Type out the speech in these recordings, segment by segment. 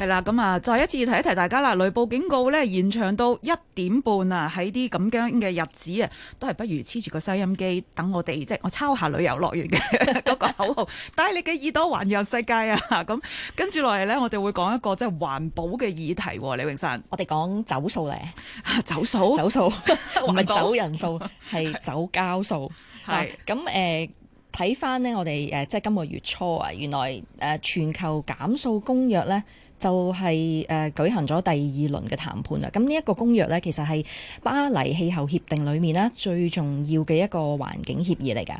係啦，咁啊，再一次提一提大家啦，雷暴警告咧，延長到一點半啊！喺啲咁樣嘅日子啊，都係不如黐住個收音機等我哋，即係我抄下旅遊樂園嘅嗰個口號，帶你嘅耳朵環遊世界啊！咁跟住落嚟咧，我哋會講一個即係環保嘅議題，李永山。我哋講走數咧、啊，走數，走數，唔係保走人數，係走交數，係咁誒。啊睇翻呢，我哋誒即係今個月初啊，原來誒全球減數公約呢，就係誒舉行咗第二輪嘅談判喇。咁呢一個公約呢，其實係巴黎氣候協定裏面呢最重要嘅一個環境協議嚟㗎。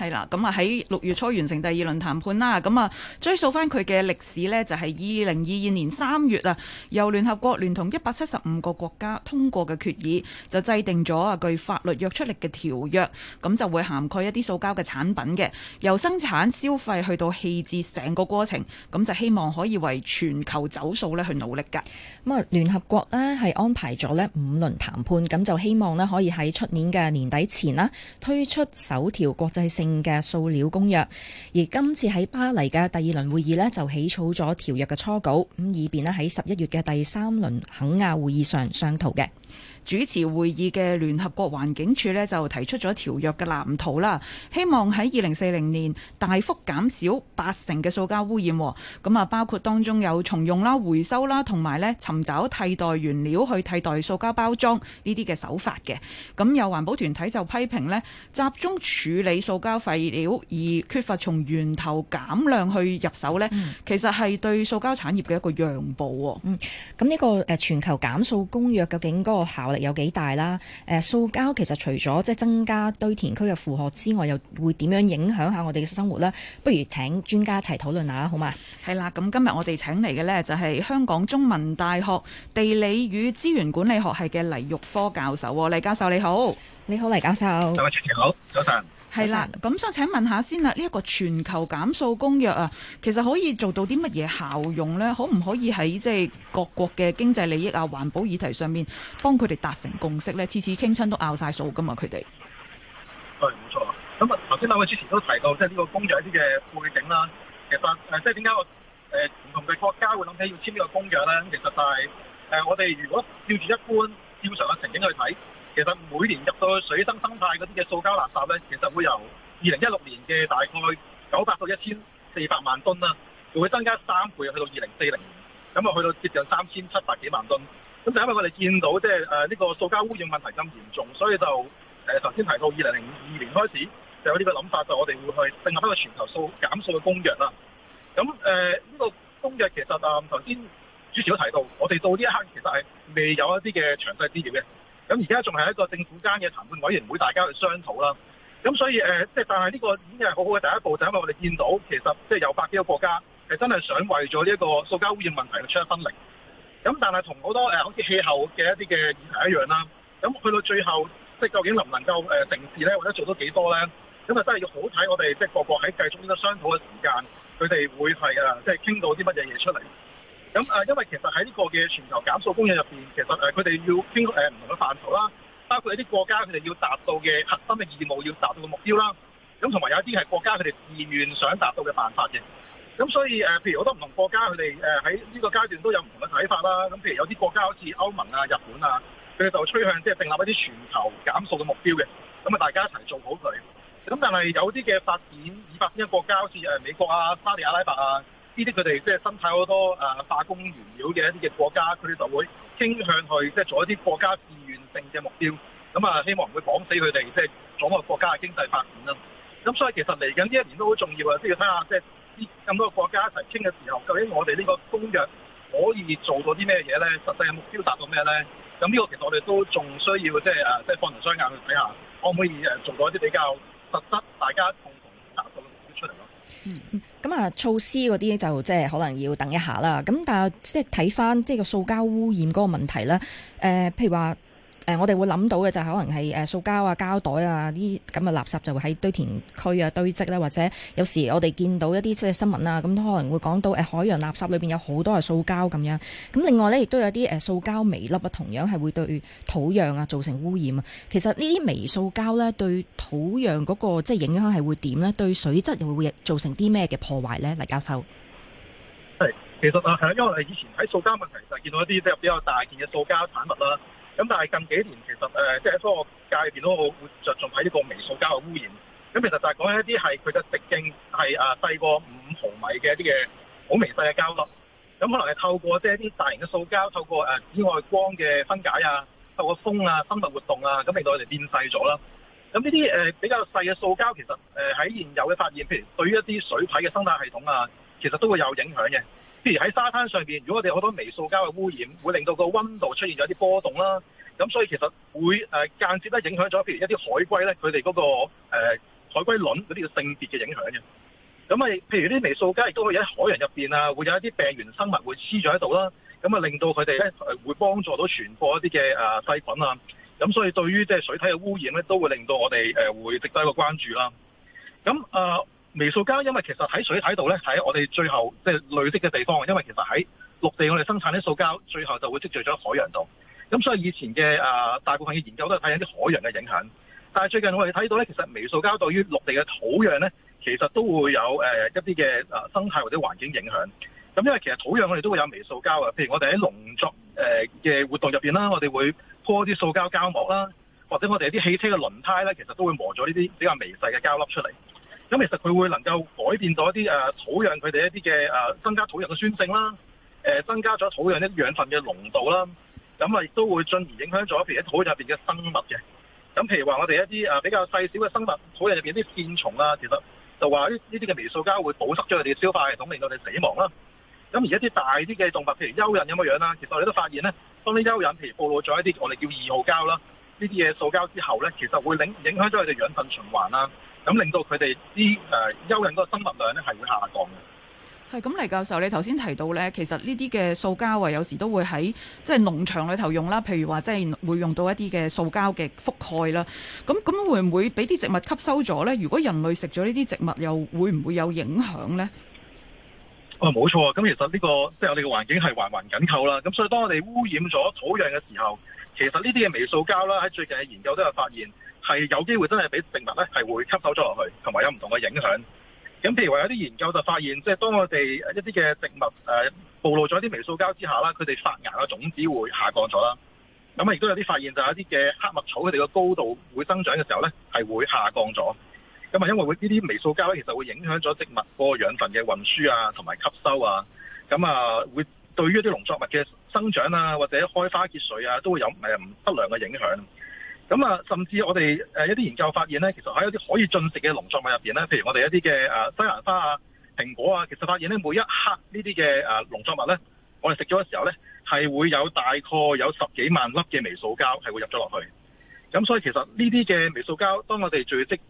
係啦，咁啊喺六月初完成第二輪談判啦，咁啊追溯翻佢嘅歷史呢，就係二零二二年三月啊，由聯合國聯同一百七十五個國家通過嘅決議，就制定咗啊具法律約束力嘅條約，咁就會涵蓋一啲塑膠嘅產品嘅，由生產消費去到棄置成個過程，咁就希望可以為全球走數咧去努力㗎。咁啊，聯合國呢係安排咗呢五輪談判，咁就希望呢可以喺出年嘅年底前啦推出首條國際性嘅塑料公約，而今次喺巴黎嘅第二輪會議呢，就起草咗條約嘅初稿，咁以便呢喺十一月嘅第三輪肯亞會議上商討嘅。主持會議嘅聯合國環境署呢，就提出咗條約嘅藍圖啦，希望喺二零四零年大幅減少八成嘅塑膠污染，咁啊包括當中有重用啦、回收啦，同埋咧尋找替代原料，去替代塑膠包裝呢啲嘅手法嘅。咁有環保團體就批評咧，集中處理塑膠廢料而缺乏從源頭減量去入手咧，其實，係對塑膠產業嘅一個讓步。嗯，咁呢個誒全球減塑公約究竟嗰個效，力有幾大啦？誒，塑膠其實除咗即係增加堆填區嘅負荷之外，又會點樣影響下我哋嘅生活呢？不如請專家一齊討論下，好嗎？係啦，咁今日我哋請嚟嘅呢，就係香港中文大學地理與資源管理學系嘅黎育科教授。黎教授你好。你好，黎教授。各位主持好，早晨。係啦，咁想請問下先啦，呢一個全球減塑公約啊，其實可以做到啲乜嘢效用咧？可唔可以喺即係各國嘅經濟利益啊、環保議題上面幫佢哋達成共識咧？次次傾親都拗曬數噶嘛，佢哋。係冇錯，咁啊，頭先啊，我哋之前都提到，即係呢個公約一啲嘅背景啦。其實誒，即係點解我誒唔同嘅國家會諗起要簽呢個公約咧？其實就係誒，我哋如果照住一般照常嘅情景去睇。其實每年入到水生生態嗰啲嘅塑膠垃圾咧，其實會由二零一六年嘅大概九百到一千四百萬噸啦，就會增加三倍去到二零四零年，咁啊去到接近三千七百幾萬噸。咁就因為我哋見到即係誒呢個塑膠污染問題咁嚴重，所以就誒，頭先提到二零零二年開始就有呢個諗法，就我哋會去訂立一個全球數減塑嘅公約啦。咁誒呢個公約其實誒頭先主持都提到，我哋到呢一刻其實係未有一啲嘅詳細資料嘅。咁而家仲係一個政府間嘅談判委員會，大家去商討啦。咁所以誒，即係但係呢個已經係好好嘅第一步，就係、因為我哋見到其實即係有百幾個國家係真係想為咗呢一個塑膠污染問題去出一分力。咁但係同好多誒好似氣候嘅一啲嘅議題一樣啦。咁去到最後，即係究竟能唔能夠誒成事咧，或者做到幾多咧？咁啊真係要好睇我哋即係個個喺繼續呢個商討嘅時間，佢哋會係啊，即係傾到啲乜嘢嘢出嚟。咁誒，因為其實喺呢個嘅全球減塑公約入邊，其實誒佢哋要傾到唔同嘅範疇啦，包括一啲國家佢哋要達到嘅核心嘅義務，要達到嘅目標啦。咁同埋有一啲係國家佢哋自願想達到嘅辦法嘅。咁所以誒，譬如好多唔同國家佢哋誒喺呢個階段都有唔同嘅睇法啦。咁譬如有啲國家好似歐盟啊、日本啊，佢哋就趨向即係訂立一啲全球減塑嘅目標嘅。咁啊，大家一齊做好佢。咁但係有啲嘅發展已發展嘅國家好似誒美國啊、沙地阿拉伯啊。呢啲佢哋即係生產好多誒化工原料嘅一啲嘅國家，佢哋就會傾向去即係做一啲國家自願性嘅目標，咁啊希望唔會綁死佢哋，即係阻礙國家嘅經濟發展啦。咁所以其實嚟緊呢一年都好重要啊，即係要睇下即係咁多個國家一齊傾嘅時候，究竟我哋呢個公約可以做到啲咩嘢咧？實際嘅目標達到咩咧？咁呢個其實我哋都仲需要即係啊，即係放長雙眼去睇下，可唔可以誒做到一啲比較實質，大家共同達到。嗯，咁啊，措施嗰啲就即係可能要等一下啦。咁但係即係睇返即係個塑膠污染嗰個問題啦。誒、呃，譬如話。誒、呃，我哋會諗到嘅，就可能係誒塑膠啊、膠袋啊，呢咁嘅垃圾就會喺堆填區啊堆積啦、啊。或者有時我哋見到一啲即係新聞啊，咁可能會講到誒海洋垃圾裏邊有好多係塑膠咁樣。咁另外呢，亦都有啲誒塑膠微粒啊，同樣係會對土壤啊造成污染啊。其實呢啲微塑膠呢，對土壤嗰個即係影響係會點呢？對水質又會造成啲咩嘅破壞呢？黎教授。係，其實啊係，因為以前喺塑膠問題就見到一啲即比較大件嘅塑膠產物啦。咁但係近幾年其實即係科學界入邊都好着重喺呢個微塑膠嘅污染。咁其實就係講一啲係佢嘅直徑係細過五毫米嘅一啲嘅好微細嘅膠粒。咁可能係透過即係一啲大型嘅塑膠，透過誒紫外光嘅分解啊，透過風啊、生物活動啊，咁令到佢哋變細咗啦。咁呢啲比較細嘅塑膠，其實喺現有嘅發現，譬如對於一啲水體嘅生態系統啊，其實都會有影響嘅。譬如喺沙灘上邊，如果我哋好多微塑膠嘅污染，會令到個温度出現咗一啲波動啦。咁所以其實會誒間接咧影響咗，譬如一啲海龜咧，佢哋嗰個、呃、海龜卵嗰啲嘅性別嘅影響嘅。咁啊，譬如啲微塑膠亦都可以喺海洋入邊啊，會有一啲病原生物會黐咗喺度啦。咁啊，令到佢哋咧會幫助到傳播一啲嘅誒細菌啊。咁所以對於即係水體嘅污染咧，都會令到我哋誒會值得一個關注啦。咁啊。呃微塑膠，因為其實喺水體度呢，喺我哋最後即係、就是、累積嘅地方。因為其實喺陸地，我哋生產啲塑膠，最後就會積聚咗喺海洋度。咁所以以前嘅啊、呃、大部分嘅研究都係睇緊啲海洋嘅影響。但係最近我哋睇到呢，其實微塑膠對於陸地嘅土壤呢，其實都會有誒一啲嘅啊生態或者環境影響。咁因為其實土壤我哋都會有微塑膠啊，譬如我哋喺農作誒嘅活動入邊啦，我哋會鋪一啲塑膠膠膜啦，或者我哋啲汽車嘅輪胎呢，其實都會磨咗呢啲比較微細嘅膠粒出嚟。咁其實佢會能夠改變到一啲誒、啊、土壤們一些的，佢哋一啲嘅誒增加土壤嘅酸性啦，誒、呃、增加咗土壤一啲養分嘅濃度啦，咁啊亦都會進而影響咗譬如喺土入邊嘅生物嘅。咁譬如話我哋一啲誒比較細小嘅生物，土壤入邊啲線蟲啊，其實就話呢啲嘅微塑膠會堵塞咗佢哋嘅消化系統，令到佢哋死亡啦。咁而一啲大啲嘅動物，譬如蚯蚓咁嘅樣啦，其實我哋都發現咧，當啲蚯蚓譬如暴露咗一啲我哋叫二號膠啦，呢啲嘢塑膠之後咧，其實會影影響咗佢哋養分循環啦。咁令到佢哋啲誒蚯蚓嗰個生物量咧係會下降嘅。係咁，黎教授，你頭先提到咧，其實呢啲嘅塑膠啊，有時都會喺即係農場裏頭用啦，譬如話即係會用到一啲嘅塑膠嘅覆蓋啦。咁咁會唔會俾啲植物吸收咗咧？如果人類食咗呢啲植物，又會唔會有影響咧？哦，冇錯啊！咁其實呢個即係我哋嘅環境係環環緊扣啦。咁所以當我哋污染咗土壤嘅時候，其實呢啲嘅微塑膠啦，喺最近嘅研究都有發現。係有機會真係俾植物咧係會吸收咗落去，同埋有唔同嘅影響。咁譬如話有啲研究就發現，即係當我哋一啲嘅植物誒暴、呃、露咗啲微塑膠之下啦，佢哋發芽嘅種子會下降咗啦。咁啊，亦都有啲發現就係有啲嘅黑麥草佢哋嘅高度會增長嘅時候咧係會下降咗。咁啊，因為會呢啲微塑膠咧其實會影響咗植物嗰個養分嘅運輸啊，同埋吸收啊。咁啊，會對於一啲農作物嘅生長啊，或者開花結穗啊，都會有唔不良嘅影響。咁啊，甚至我哋誒一啲研究發現咧，其實喺一啲可以進食嘅農作物入邊咧，譬如我哋一啲嘅誒西蘭花啊、蘋果啊，其實發現咧每一克呢啲嘅誒農作物咧，我哋食咗嘅時候咧，係會有大概有十幾萬粒嘅微塑膠係會入咗落去。咁所以其實呢啲嘅微塑膠，當我哋聚集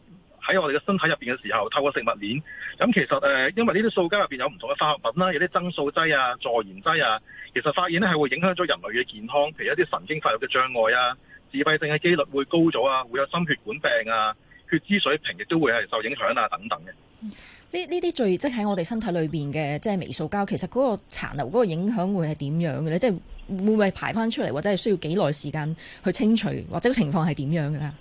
喺我哋嘅身體入邊嘅時候，透過食物鏈，咁其實誒，因為呢啲塑膠入邊有唔同嘅化學品啦，有啲增塑劑啊、助燃劑啊，其實發現咧係會影響咗人類嘅健康，譬如一啲神經發育嘅障礙啊。自閉症嘅機率會高咗啊，會有心血管病啊，血脂水平亦都會係受影響啊，等等嘅。呢呢啲聚積喺我哋身體裏邊嘅，即係微塑膠，其實嗰個殘留嗰個影響會係點樣嘅咧？即係會唔會排翻出嚟，或者係需要幾耐時間去清除，或者個情況係點樣嘅咧？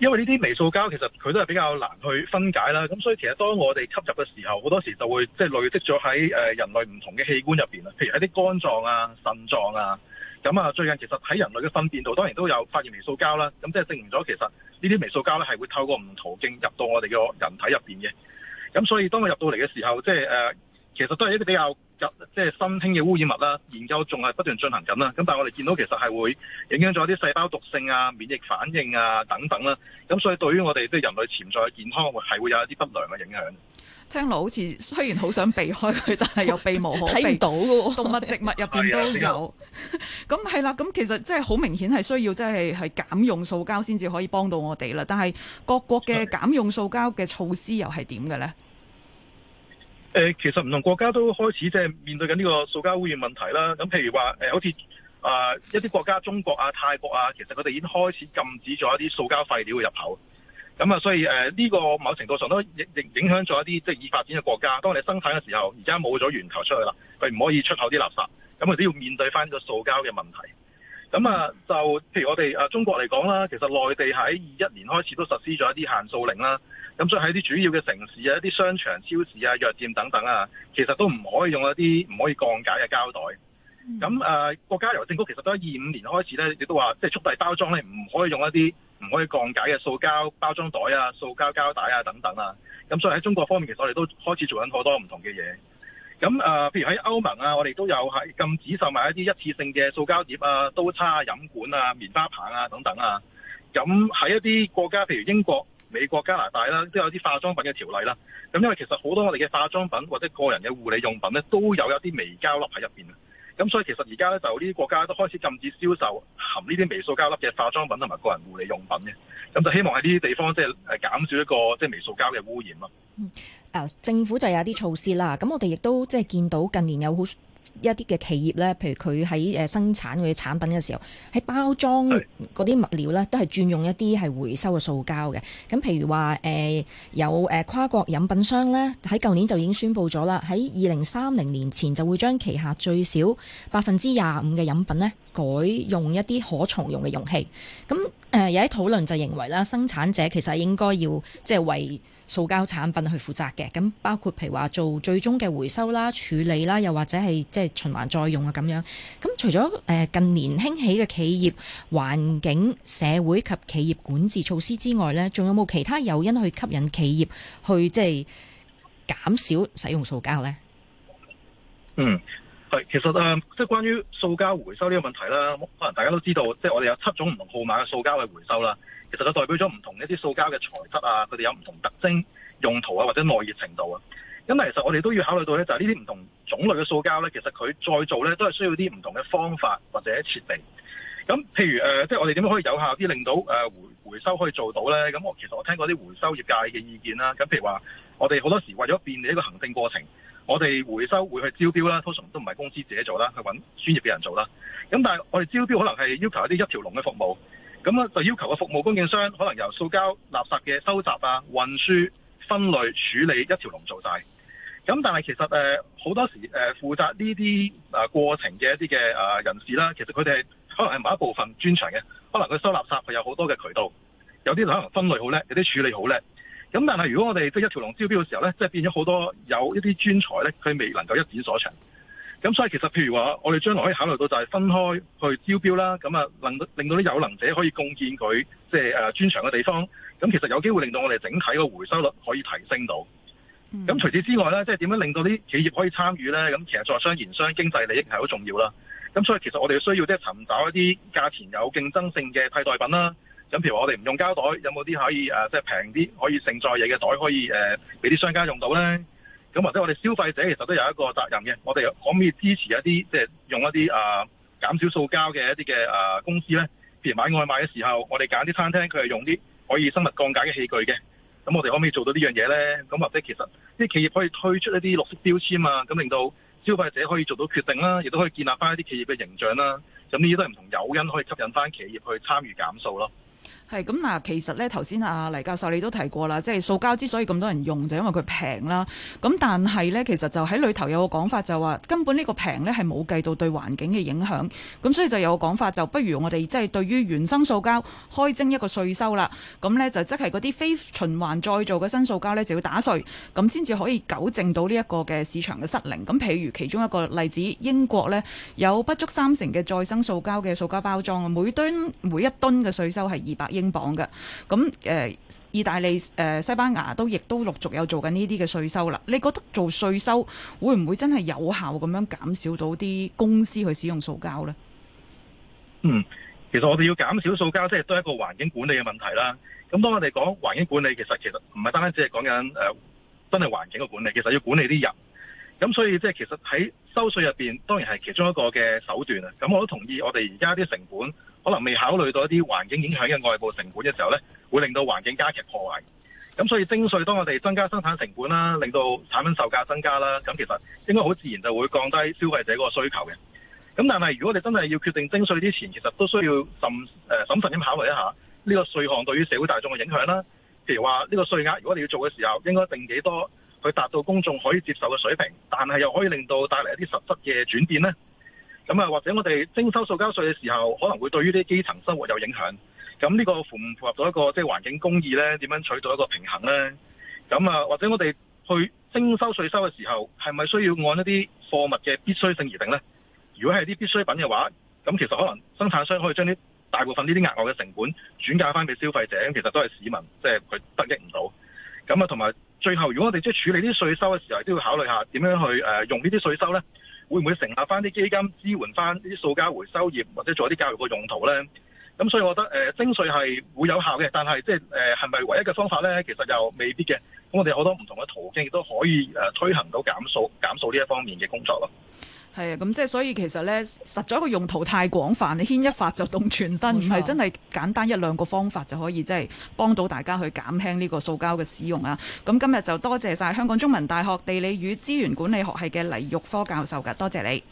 因為呢啲微塑膠其實佢都係比較難去分解啦。咁所以其實當我哋吸入嘅時候，好多時就會即係累積咗喺誒人類唔同嘅器官入邊啦。譬如喺啲肝臟啊、腎臟啊。咁啊，最近其實喺人類嘅糞便度，當然都有發現微塑膠啦。咁即係證明咗其實呢啲微塑膠咧係會透過唔途徑入到我哋嘅人體入邊嘅。咁所以當佢入到嚟嘅時候，即係誒，其實都係一啲比較即係、就是、新興嘅污染物啦。研究仲係不斷進行緊啦。咁但係我哋見到其實係會影響咗啲細胞毒性啊、免疫反應啊等等啦、啊。咁所以對於我哋即係人類潛在嘅健康，係會有一啲不良嘅影響。聽落好似雖然好想避開佢，但係又避無可避。唔 到嘅動物植物入邊都有。咁係啦，咁、 嗯、其實真係好明顯係需要，即係係減用塑膠先至可以幫到我哋啦。但係各國嘅減用塑膠嘅措施又係點嘅咧？誒，其實唔同國家都開始即係面對緊呢個塑膠污染問題啦。咁譬如話誒，好似啊一啲國家，中國啊、泰國啊，其實佢哋已經開始禁止咗一啲塑膠廢料嘅入口。咁啊，所以誒呢個某程度上都影影影響咗一啲即係已發展嘅國家。當我哋生產嘅時候，而家冇咗源頭出去啦，佢唔可以出口啲垃圾，咁佢都要面對翻個塑膠嘅問題。咁啊，就譬如我哋中國嚟講啦，其實內地喺二一年開始都實施咗一啲限塑令啦。咁所以喺啲主要嘅城市啊、一啲商場、超市啊、藥店等等啊，其實都唔可以用一啲唔可以降解嘅膠袋。咁啊，國家郵政局其實都喺二五年開始咧，亦都話即係速遞包裝咧，唔可以用一啲。唔可以降解嘅塑膠包裝袋啊、塑膠膠帶啊等等啊，咁所以喺中國方面，其實我哋都開始做緊好多唔同嘅嘢。咁、呃、譬如喺歐盟啊，我哋都有係禁止售賣一啲一次性嘅塑膠碟啊、刀叉啊、飲管啊、棉花棒啊等等啊。咁喺一啲國家，譬如英國、美國、加拿大啦、啊，都有啲化妝品嘅條例啦、啊。咁因為其實好多我哋嘅化妝品或者個人嘅護理用品咧，都有一啲微膠粒喺入面。咁所以其實而家咧，就呢啲國家都開始禁止銷售含呢啲微塑膠粒嘅化妝品同埋個人護理用品嘅，咁就希望喺呢啲地方即係誒減少一個即係微塑膠嘅污染咯。嗯、啊，政府就有啲措施啦，咁我哋亦都即係、就是、見到近年有好。一啲嘅企業咧，譬如佢喺誒生產佢產品嘅時候，喺包裝嗰啲物料咧，都係轉用一啲係回收嘅塑膠嘅。咁譬如話誒、呃，有誒跨國飲品商咧，喺舊年就已經宣布咗啦，喺二零三零年前就會將旗下最少百分之廿五嘅飲品咧改用一啲可重用嘅容器。咁誒、呃、有啲討論就認為啦，生產者其實應該要即係、就是、為。塑膠產品去負責嘅，咁包括譬如話做最終嘅回收啦、處理啦，又或者係即係循環再用啊咁樣。咁除咗誒近年興起嘅企業環境、社會及企業管治措施之外呢，仲有冇其他誘因去吸引企業去即係減少使用塑膠呢？嗯。其實誒，即係關於塑膠回收呢個問題啦，可能大家都知道，即係我哋有七種唔同號碼嘅塑膠去回收啦。其實就代表咗唔同一啲塑膠嘅材質啊，佢哋有唔同特徵、用途啊，或者耐熱程度啊。咁其實我哋都要考慮到咧，就係呢啲唔同種類嘅塑膠咧，其實佢再做咧都係需要啲唔同嘅方法或者設備。咁譬如誒，即係我哋點樣可以有效啲令到誒回回收可以做到咧？咁我其實我聽過啲回收業界嘅意見啦。咁譬如話，我哋好多時為咗便利一個行政過程。我哋回收會去招標啦，通常都唔係公司自己做啦，去揾專業嘅人做啦。咁但係我哋招標可能係要求一啲一條龍嘅服務，咁咧就要求個服務供應商可能由塑膠垃圾嘅收集啊、運輸、分類、處理一條龍做晒。咁但係其實誒好多時誒負責呢啲啊過程嘅一啲嘅人士啦，其實佢哋可能係某一部分專長嘅，可能佢收垃圾佢有好多嘅渠道，有啲可能分類好叻，有啲處理好叻。咁但係如果我哋即係一條龍招標嘅時候咧，即係變咗好多有一啲專才咧，佢未能夠一展所長。咁所以其實譬如話，我哋將來可以考慮到就係分開去招標啦。咁啊，令令到啲有能者可以貢獻佢即係誒專長嘅地方。咁其實有機會令到我哋整體嘅回收率可以提升到。咁除此之外咧，即係點樣令到啲企業可以參與咧？咁其實在商言商，經濟利益係好重要啦。咁所以其實我哋需要即係尋找一啲價錢有競爭性嘅替代品啦。咁譬如我哋唔用膠袋，有冇啲可以誒，即係平啲可以盛載嘢嘅袋可以畀俾啲商家用到咧？咁或者我哋消費者其實都有一個責任嘅，我哋可唔可以支持一啲即係用一啲誒、啊、減少塑膠嘅一啲嘅、啊、公司咧？譬如買外賣嘅時候，我哋揀啲餐廳，佢係用啲可以生物降解嘅器具嘅，咁我哋可唔可以做到樣呢樣嘢咧？咁或者其實啲企業可以推出一啲綠色標籤啊，咁令到消費者可以做到決定啦、啊，亦都可以建立翻一啲企業嘅形象啦、啊。咁呢啲都係唔同誘因可以吸引翻企業去參與減塑咯、啊。係咁嗱，其實咧頭先啊黎教授你都提過啦，即係塑膠之所以咁多人用就因為佢平啦。咁但係咧其實就喺裡頭有個講法就話根本呢個平咧係冇計到對環境嘅影響。咁所以就有個講法就不如我哋即係對於原生塑膠開徵一個稅收啦。咁咧就即係嗰啲非循環再造嘅新塑膠咧就要打稅，咁先至可以糾正到呢一個嘅市場嘅失靈。咁譬如其中一個例子，英國咧有不足三成嘅再生塑膠嘅塑膠包裝，每噸每一噸嘅稅收係二百。英鎊嘅，咁誒、呃，意大利誒、呃，西班牙都亦都陸續有做緊呢啲嘅稅收啦。你覺得做稅收會唔會真係有效咁樣減少到啲公司去使用塑膠呢？嗯，其實我哋要減少塑膠，即係都係一個環境管理嘅問題啦。咁當我哋講環境管理，其實其實唔係單單只係講緊誒，真係環境嘅管理，其實要管理啲人。咁所以即係其實喺收稅入邊，當然係其中一個嘅手段啊。咁我都同意，我哋而家啲成本。可能未考慮到一啲環境影響嘅外部成本嘅時候，呢會令到環境加劇破壞。咁所以徵稅，當我哋增加生產成本啦，令到產品售價增加啦，咁其實應該好自然就會降低消費者嗰個需求嘅。咁但係如果你真係要決定徵稅之前，其實都需要審誒、審慎咁、呃、考慮一下呢個稅項對於社會大眾嘅影響啦。譬如話呢個稅額，如果你要做嘅時候，應該定幾多去達到公眾可以接受嘅水平，但係又可以令到帶嚟一啲實質嘅轉變呢。咁啊，或者我哋徵收塑膠稅嘅時候，可能會對於啲基層生活有影響。咁呢個符唔符合到一個即係環境公義咧？點樣取到一個平衡咧？咁啊，或者我哋去徵收稅收嘅時候，係咪需要按一啲貨物嘅必需性而定咧？如果係啲必需品嘅話，咁其實可能生產商可以將啲大部分呢啲額外嘅成本轉嫁翻俾消費者，其實都係市民，即係佢得益唔到。咁啊，同埋。最後，如果我哋即係處理啲稅收嘅時候，都要考慮下點樣去誒用呢啲稅收咧，會唔會成立翻啲基金支援翻啲塑膠回收業，或者做一啲教育嘅用途咧？咁所以，我覺得誒徵稅係會有效嘅，但係即係誒係咪唯一嘅方法咧？其實又未必嘅。咁我哋好多唔同嘅途徑亦都可以誒推行到減數減數呢一方面嘅工作咯。係啊，咁即係所以其實咧，實在個用途太廣泛，你牽一發就動全身，唔係錯真係簡單一兩個方法就可以即係幫到大家去減輕呢個塑膠嘅使用啊！咁今日就多謝晒香港中文大學地理與資源管理學系嘅黎育科教授噶，多謝你。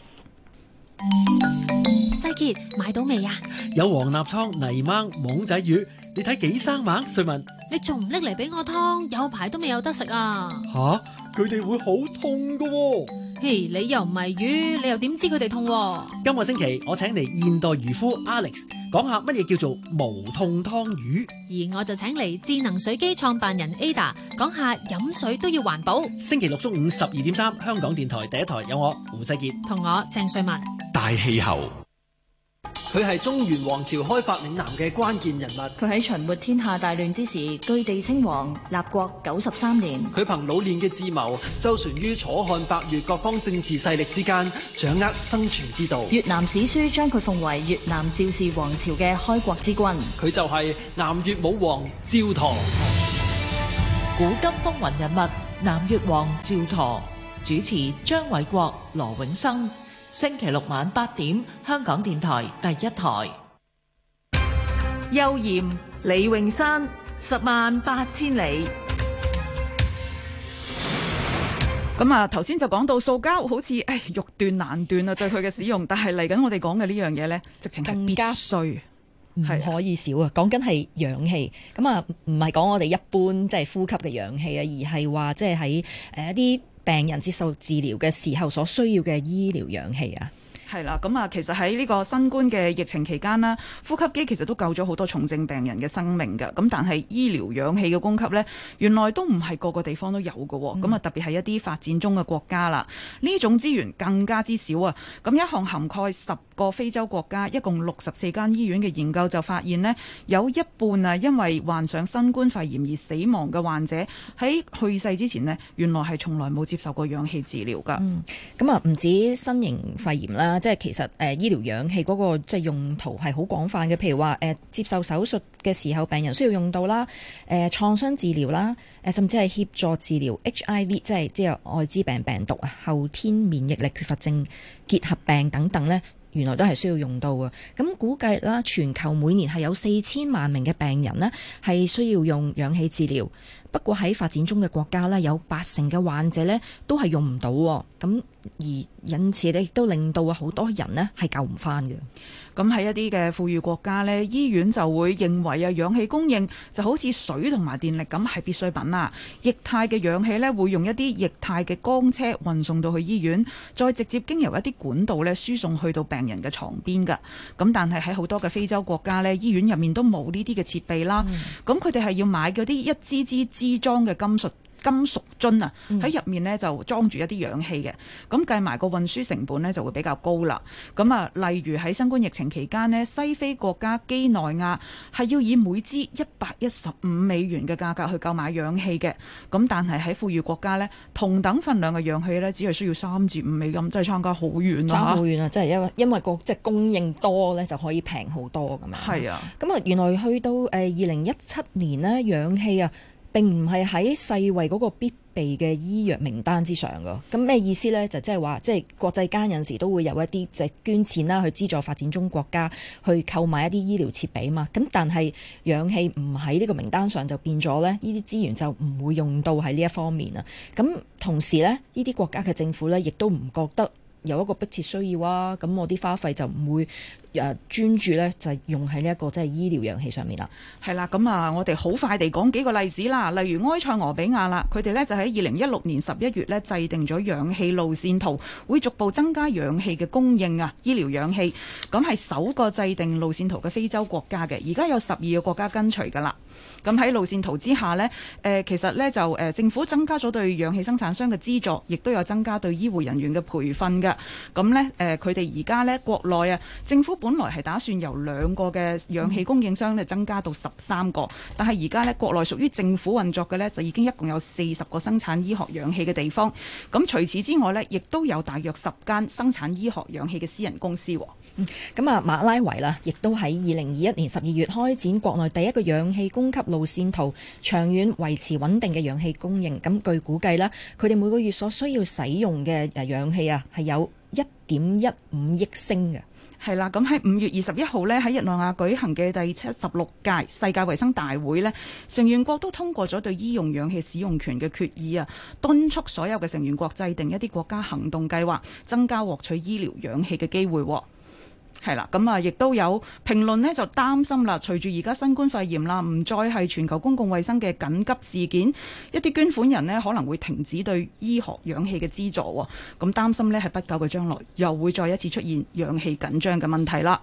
西杰買到未啊？有黃立倉泥鯭網仔魚，你睇幾生猛？瑞文，你仲唔拎嚟俾我劏？有排都未有得食啊！吓、啊，佢哋會好痛噶、哦！嘿，hey, 你又唔係魚，你又點知佢哋痛啊？今個星期我請嚟現代漁夫 Alex 講下乜嘢叫做無痛劏魚，而我就請嚟智能水機創辦人 Ada 講下飲水都要環保。星期六中午十二點三，3, 香港電台第一台有我胡世杰同我鄭萃雯，大氣候。佢係中原王朝開發嶺南嘅關鍵人物。佢喺秦末天下大亂之時，據地稱王，立國九十三年。佢憑老練嘅智謀，周旋於楚漢、百越各方政治勢力之間，掌握生存之道。越南史書將佢奉為越南趙氏王朝嘅開國之君。佢就係南越武王趙佗。古今風雲人物，南越王趙佗。主持張偉國、羅永生。星期六晚八點，香港電台第一台。邱賢、李泳山，十萬八千里。咁啊，頭先就講到塑膠好似誒欲斷難斷啊，對佢嘅使用，但係嚟緊我哋講嘅呢樣嘢呢，直情更加須係可以少啊。講緊係氧氣，咁啊唔係講我哋一般即係、就是、呼吸嘅氧氣啊，而係話即係喺誒一啲。病人接受治療嘅時候所需要嘅醫療氧氣啊。係啦，咁啊，其實喺呢個新冠嘅疫情期間啦，呼吸機其實都救咗好多重症病人嘅生命噶。咁但係醫療氧氣嘅供給呢，原來都唔係個個地方都有噶。咁啊、嗯，特別係一啲發展中嘅國家啦，呢種資源更加之少啊。咁一項涵蓋十個非洲國家，一共六十四間醫院嘅研究就發現呢，有一半啊，因為患上，新冠肺炎而死亡嘅患者喺去世之前呢，原來係從來冇接受過氧氣治療噶。咁啊、嗯，唔止新型肺炎啦。即係其實誒醫療氧氣嗰個即係用途係好廣泛嘅，譬如話誒接受手術嘅時候病人需要用到啦，誒創傷治療啦，誒甚至係協助治療 HIV，即係即係愛滋病病毒啊、後天免疫力缺乏症、結核病等等咧，原來都係需要用到嘅。咁估計啦，全球每年係有四千萬名嘅病人呢，係需要用氧氣治療。不過喺發展中嘅國家呢，有八成嘅患者呢，都係用唔到喎。咁而因此咧，亦都令到啊好多人呢，係救唔翻嘅。咁喺一啲嘅富裕國家呢，醫院就會認為啊，氧氣供應就好似水同埋電力咁係必需品啦。液態嘅氧氣呢，會用一啲液態嘅光車運送到去醫院，再直接經由一啲管道呢輸送去到病人嘅床邊嘅。咁但係喺好多嘅非洲國家呢，醫院入面都冇呢啲嘅設備啦。咁佢哋係要買嗰啲一支支支裝嘅金屬。金屬樽啊，喺入面呢就裝住一啲氧氣嘅，咁計埋個運輸成本呢，就會比較高啦。咁啊，例如喺新冠疫情期間呢，西非國家基內亞係要以每支一百一十五美元嘅價格去購買氧氣嘅，咁但係喺富裕國家呢，同等份量嘅氧氣呢，只係需要三至五美金，即係差價好遠啦，差好遠啊！即係因因為個即係供應多呢，就可以平好多咁樣。係啊，咁啊，原來去到誒二零一七年呢，氧氣啊。並唔係喺世衞嗰個必備嘅醫藥名單之上噶，咁咩意思呢？就即係話，即係國際間有時都會有一啲即係捐錢啦，去資助發展中國家去購買一啲醫療設備啊嘛。咁但係氧氣唔喺呢個名單上，就變咗呢，呢啲資源就唔會用到喺呢一方面啊。咁同時呢，呢啲國家嘅政府呢，亦都唔覺得有一個迫切需要啊。咁我啲花費就唔會。誒、啊、專注咧就係、是、用喺呢一個即係、就是、醫療氧氣上面啦。係啦，咁啊，我哋好快地講幾個例子啦。例如埃塞俄比亞啦，佢哋咧就喺二零一六年十一月咧制定咗氧氣路線圖，會逐步增加氧氣嘅供應啊，醫療氧氣。咁係首個制定路線圖嘅非洲國家嘅，而家有十二個國家跟隨㗎啦。咁喺路線圖之下呢，誒、呃、其實呢就誒、呃、政府增加咗對氧氣生產商嘅資助，亦都有增加對醫護人員嘅培訓㗎。咁呢，誒佢哋而家呢國內啊政府，本來係打算由兩個嘅氧氣供應商呢增加到十三個，但係而家呢國內屬於政府運作嘅呢，就已經一共有四十個生產醫學氧氣嘅地方。咁除此之外呢，亦都有大約十間生產醫學氧氣嘅私人公司。咁啊、嗯，馬拉維啦，亦都喺二零二一年十二月開展國內第一個氧氣供給路線圖，長遠維持穩定嘅氧氣供應。咁據估計啦，佢哋每個月所需要使用嘅誒氧氣啊係有，一點一五億升嘅，係啦。咁喺五月二十一號呢，喺日內瓦舉行嘅第七十六屆世界衛生大會呢，成員國都通過咗對醫用氧氣使用權嘅決議啊，敦促所有嘅成員國制定一啲國家行動計劃，增加獲取醫療氧氣嘅機會啊。係啦，咁啊，亦都有評論呢就擔心啦。隨住而家新冠肺炎啦，唔再係全球公共衛生嘅緊急事件，一啲捐款人呢可能會停止對醫學氧氣嘅資助，咁擔心呢係不久嘅將來又會再一次出現氧氣緊張嘅問題啦。